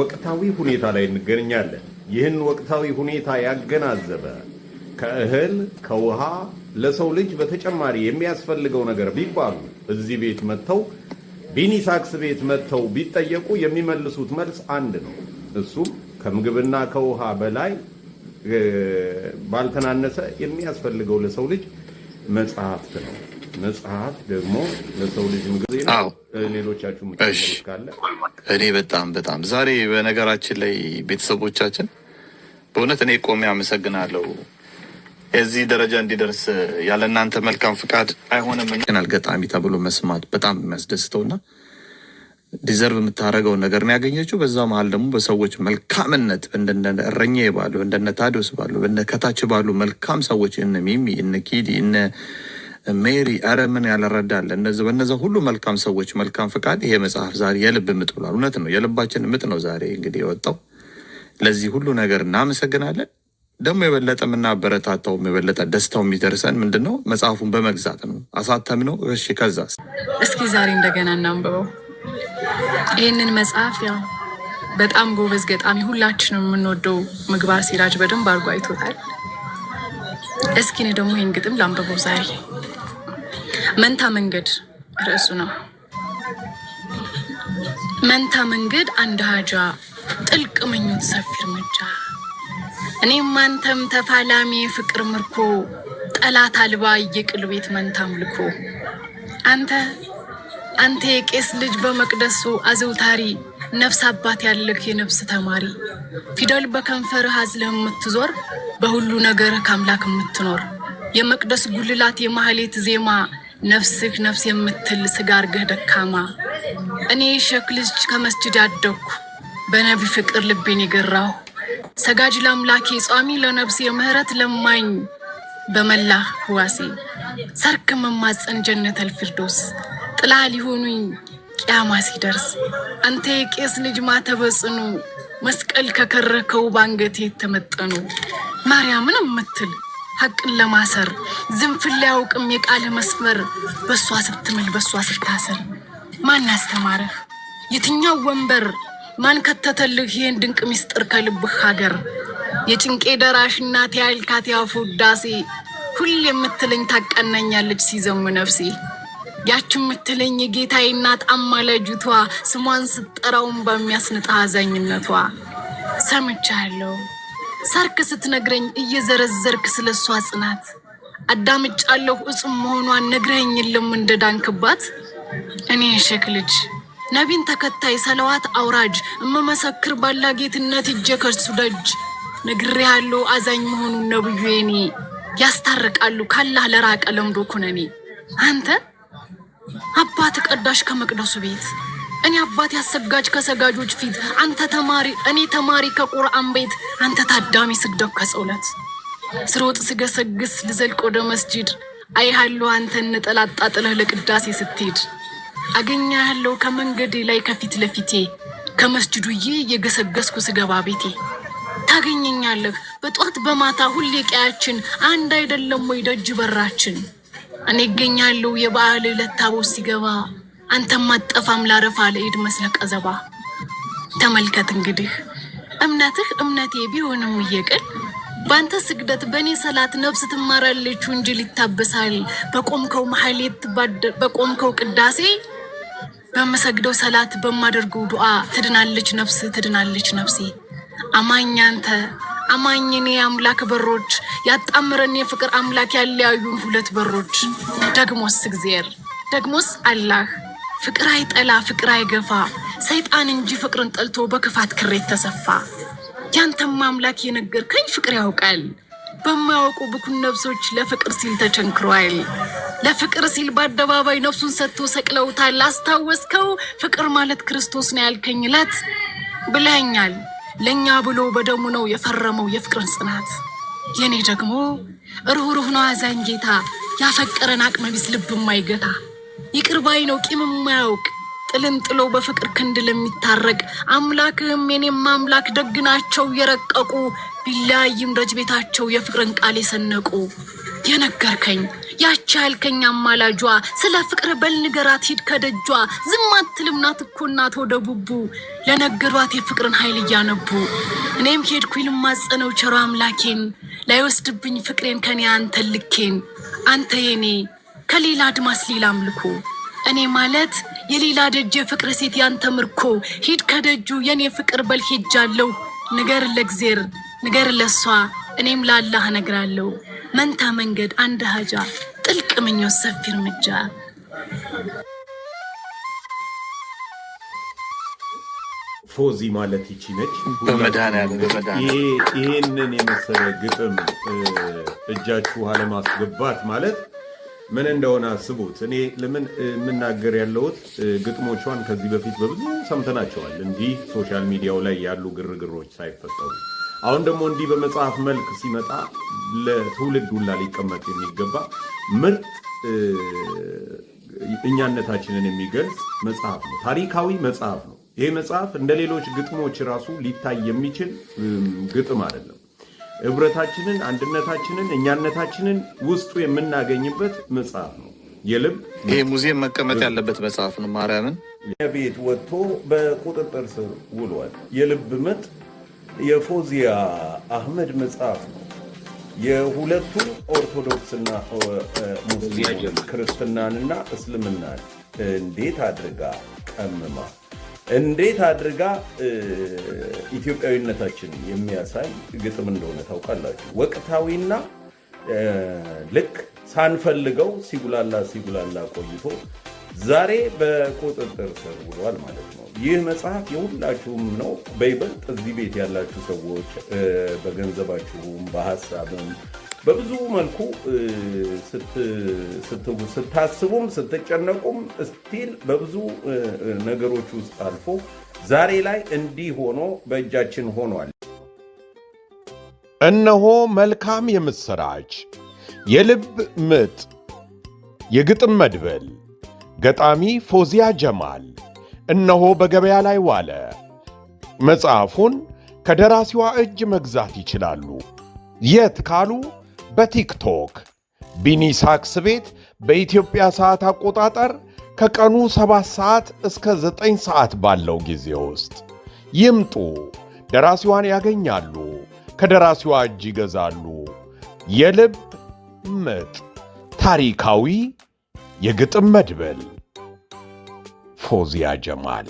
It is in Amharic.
ወቅታዊ ሁኔታ ላይ እንገኛለን። ይህን ወቅታዊ ሁኔታ ያገናዘበ ከእህል ከውሃ ለሰው ልጅ በተጨማሪ የሚያስፈልገው ነገር ቢባሉ እዚህ ቤት መጥተው ቢኒሳክስ ቤት መጥተው ቢጠየቁ የሚመልሱት መልስ አንድ ነው። እሱም ከምግብና ከውሃ በላይ ባልተናነሰ የሚያስፈልገው ለሰው ልጅ መጽሐፍት ነው። መጽሐፍት ደግሞ ለሰው ልጅ ምግብ ሌሎቻችሁ ካለ እኔ በጣም በጣም ዛሬ በነገራችን ላይ ቤተሰቦቻችን በእውነት እኔ ቆሜ አመሰግናለሁ። የዚህ ደረጃ እንዲደርስ ያለ እናንተ መልካም ፍቃድ አይሆንም። ናል ገጣሚ ተብሎ መስማት በጣም የሚያስደስተውና ዲዘርቭ የምታደርገውን ነገር ነው ያገኘችው። በዛ መሀል ደግሞ በሰዎች መልካምነት እንደነ እረኛ ባሉ እንደነ ታዲዮስ ባሉ ከታች ባሉ መልካም ሰዎች እነ ሚሚ እነ ኪዲ እነ ሜሪ አረ ምን ያለረዳል በነዚ ሁሉ መልካም ሰዎች መልካም ፍቃድ ይሄ መጽሐፍ ዛሬ የልብ ምጥ ብሏል። እውነት ነው፣ የልባችን ምጥ ነው ዛሬ እንግዲህ የወጣው። ለዚህ ሁሉ ነገር እናመሰግናለን። ደግሞ የበለጠ የምናበረታታውም የበለጠ ደስታው የሚደርሰን ምንድን ነው? መጽሐፉን በመግዛት ነው። አሳተም ነው። እሺ፣ ከዛ እስኪ ዛሬ እንደገና እናንብበው ይህንን መጽሐፍ። ያው በጣም ጎበዝ ገጣሚ ሁላችንም የምንወደው ምግባር ሲራጅ በደንብ አድርጎ አይቶታል። እስኪ እኔ ደግሞ ይህን ግጥም ላንብበው ዛሬ መንታ መንገድ ርዕሱ ነው። መንታ መንገድ አንድ ሀጃ ጥልቅ ምኞት ሰፊ እርምጃ እኔም አንተም ተፋላሚ ፍቅር ምርኮ ጠላት አልባ እየቅል ቤት መንታ ምልኮ አንተ አንተ የቄስ ልጅ በመቅደሱ አዘውታሪ ነፍስ አባት ያለህ የነፍስ ተማሪ ፊደል በከንፈርህ አዝለህ የምትዞር በሁሉ ነገር ከአምላክ የምትኖር የመቅደስ ጉልላት የማህሌት ዜማ ነፍስህ ነፍስ የምትል ስጋ አርገህ ደካማ እኔ ሸክ ልጅ ከመስጅድ አደግኩ በነቢ ፍቅር ልቤን የገራሁ ሰጋጅ ለአምላኬ ጿሚ ለነፍሴ የምህረት ለማኝ በመላ ህዋሴ ሰርክ መማፀን ጀነት አልፍርዶስ ጥላ ሊሆኑኝ ቅያማ ሲደርስ አንተ የቄስ ልጅ ማተበጽኑ መስቀል ከከረከው ባንገቴ ተመጠኑ ማርያምን የምትል ሀቅን ለማሰር ዝንፍን ላያውቅም የቃለ መስመር በእሷ ስትምል በእሷ ስታሰር ማን አስተማረህ? የትኛው ወንበር ማን ከተተልህ? ይህን ድንቅ ምስጢር ከልብህ ሀገር የጭንቄ ደራሽ እናቴ ያልካት ያፉ ዳሴ ሁል የምትለኝ ታቀናኛለች ሲዘሙ ነፍሴ ያች የምትለኝ የጌታዬ እናት አማላጅቷ ስሟን ስጠራውን በሚያስንጣ አዛኝነቷ ሰምቻለሁ። ሳርክ ስትነግረኝ እየዘረዘርክ ስለ እሷ ጽናት አዳምጫለሁ። እጹም መሆኗን ነግረኝ የለም እንደ ዳንክባት እኔ ሸክ ልጅ ነቢን ተከታይ ሰለዋት አውራጅ እመመሰክር ባላጌትነት እጀ ከርሱ ደጅ ነግሬ ያለው አዛኝ መሆኑን ነብዩ የኔ ያስታርቃሉ ካላህ ለራቀ ለምዶ ኩነኔ አንተ አባት ቀዳሽ ከመቅደሱ ቤት እኔ አባቴ አሰጋጅ ከሰጋጆች ፊት፣ አንተ ተማሪ እኔ ተማሪ ከቁርአን ቤት፣ አንተ ታዳሚ ስደው ከጸውለት ስሮጥ ስገሰግስ ልዘልቅ ወደ መስጂድ አይሃለሁ አንተን ነጠላ አጣጥለህ ለቅዳሴ ስትሄድ አገኛ ያለው ከመንገዴ ላይ ከፊት ለፊቴ ከመስጅዱዬ የገሰገስኩ ስገባ ቤቴ ታገኘኛለህ በጧት በማታ ሁሌ ቀያችን አንድ አይደለም ወይ ደጅ በራችን እኔ እገኛለሁ የበዓል ዕለት ታቦት ሲገባ አንተም አጠፋም ላረፋ ለኢድ መስለ ቀዘባ ተመልከት እንግዲህ እምነትህ እምነቴ ቢሆንም እየቅል በአንተ ስግደት በእኔ ሰላት ነፍስ ትማራለችው እንጂ ይታበሳል። በቆምከው መሐሌት በቆምከው ቅዳሴ በምሰግደው ሰላት በማደርገው ዱአ ትድናለች ነፍስ ትድናለች ነፍሴ። አማኝ አንተ አማኝ እኔ አምላክ በሮች ያጣምረን የፍቅር አምላክ ያለያዩን ሁለት በሮች ደግሞስ እግዜር ደግሞስ አላህ ፍቅር አይጠላ ፍቅር አይገፋ ሰይጣን እንጂ ፍቅርን ጠልቶ በክፋት ክሬት ተሰፋ። ያንተም አምላክ የነገርከኝ ፍቅር ያውቃል በማያውቁ ብኩን ነፍሶች ለፍቅር ሲል ተቸንክሯል። ለፍቅር ሲል በአደባባይ ነፍሱን ሰጥቶ ሰቅለውታል። አስታወስከው ፍቅር ማለት ክርስቶስ ነው ያልከኝ እለት ብለኛል። ለእኛ ብሎ በደሙ ነው የፈረመው የፍቅርን ጽናት። የእኔ ደግሞ ርኅሩኅ ነው አዛኝ ጌታ ያፈቀረን አቅመቢስ ልብ ማይገታ ይቅር ባይ ነው ቂም የማያውቅ ጥልን ጥሎ በፍቅር ክንድ ለሚታረቅ አምላክህም የኔም አምላክ ደግ ናቸው የረቀቁ ቢለያይም ደጅ ቤታቸው የፍቅርን ቃል የሰነቁ የነገርከኝ ያቺ ያልከኝ አማላጇ ስለ ፍቅር በልንገራት ሂድ ከደጇ ዝም አትልም ናት እኮ እናት ወደ ቡቡ ለነገሯት የፍቅርን ኃይል እያነቡ እኔም ሄድኩ ልማጸነው ቸሮ አምላኬን ላይወስድብኝ ፍቅሬን ከኔ አንተ ልኬን አንተ የኔ ከሌላ አድማስ ሌላ አምልኮ እኔ ማለት የሌላ ደጅ የፍቅር ሴት ያንተ ምርኮ ሂድ ከደጁ የእኔ ፍቅር በል ሄጃለሁ። ንገር ለእግዜር ንገር ለሷ እኔም ላላህ ነግራለሁ። መንታ መንገድ አንድ ሀጃ ጥልቅ ምኞት ሰፊ እርምጃ ፎዚ ማለት ይቺ ነች። ይሄንን የመሰለ ግጥም እጃችሁ አለማስገባት ማለት ምን እንደሆነ አስቡት። እኔ ለምን የምናገር ያለሁት ግጥሞቿን ከዚህ በፊት በብዙ ሰምተናቸዋል፣ እንዲህ ሶሻል ሚዲያው ላይ ያሉ ግርግሮች ሳይፈጠሩ። አሁን ደግሞ እንዲህ በመጽሐፍ መልክ ሲመጣ ለትውልድ ሁላ ሊቀመጥ የሚገባ ምርጥ እኛነታችንን የሚገልጽ መጽሐፍ ነው። ታሪካዊ መጽሐፍ ነው። ይሄ መጽሐፍ እንደ ሌሎች ግጥሞች ራሱ ሊታይ የሚችል ግጥም አይደለም። ህብረታችንን፣ አንድነታችንን፣ እኛነታችንን ውስጡ የምናገኝበት መጽሐፍ ነው። የልብ ይህ ሙዚየም መቀመጥ ያለበት መጽሐፍ ነው። ማርያምን ቤት ወጥቶ በቁጥጥር ስር ውሏል። የልብ ምጥ የፎዚያ አህመድ መጽሐፍ ነው። የሁለቱ ኦርቶዶክስና ሙስሊም ክርስትናንና እስልምናን እንዴት አድርጋ ቀምማ እንዴት አድርጋ ኢትዮጵያዊነታችን የሚያሳይ ግጥም እንደሆነ ታውቃላችሁ። ወቅታዊና ልክ ሳንፈልገው ሲጉላላ ሲጉላላ ቆይቶ ዛሬ በቁጥጥር ስር ውሏል ማለት ነው። ይህ መጽሐፍ የሁላችሁም ነው። በይበልጥ እዚህ ቤት ያላችሁ ሰዎች በገንዘባችሁም በሀሳብም በብዙ መልኩ ስታስቡም ስትጨነቁም ስቲል በብዙ ነገሮች ውስጥ አልፎ ዛሬ ላይ እንዲህ ሆኖ በእጃችን ሆኗል። እነሆ መልካም የምሥራች የልብ ምጥ የግጥም መድበል ገጣሚ ፎዚያ ጀማል እነሆ በገበያ ላይ ዋለ። መጽሐፉን ከደራሲዋ እጅ መግዛት ይችላሉ። የት ካሉ በቲክቶክ ቢኒ ሳክስ ቤት በኢትዮጵያ ሰዓት አቆጣጠር ከቀኑ 7 ሰዓት እስከ 9 ሰዓት ባለው ጊዜ ውስጥ ይምጡ። ደራሲዋን ያገኛሉ። ከደራሲዋ እጅ ይገዛሉ። የልብ ምጥ ታሪካዊ የግጥም መድብል ፎዚያ ጀማል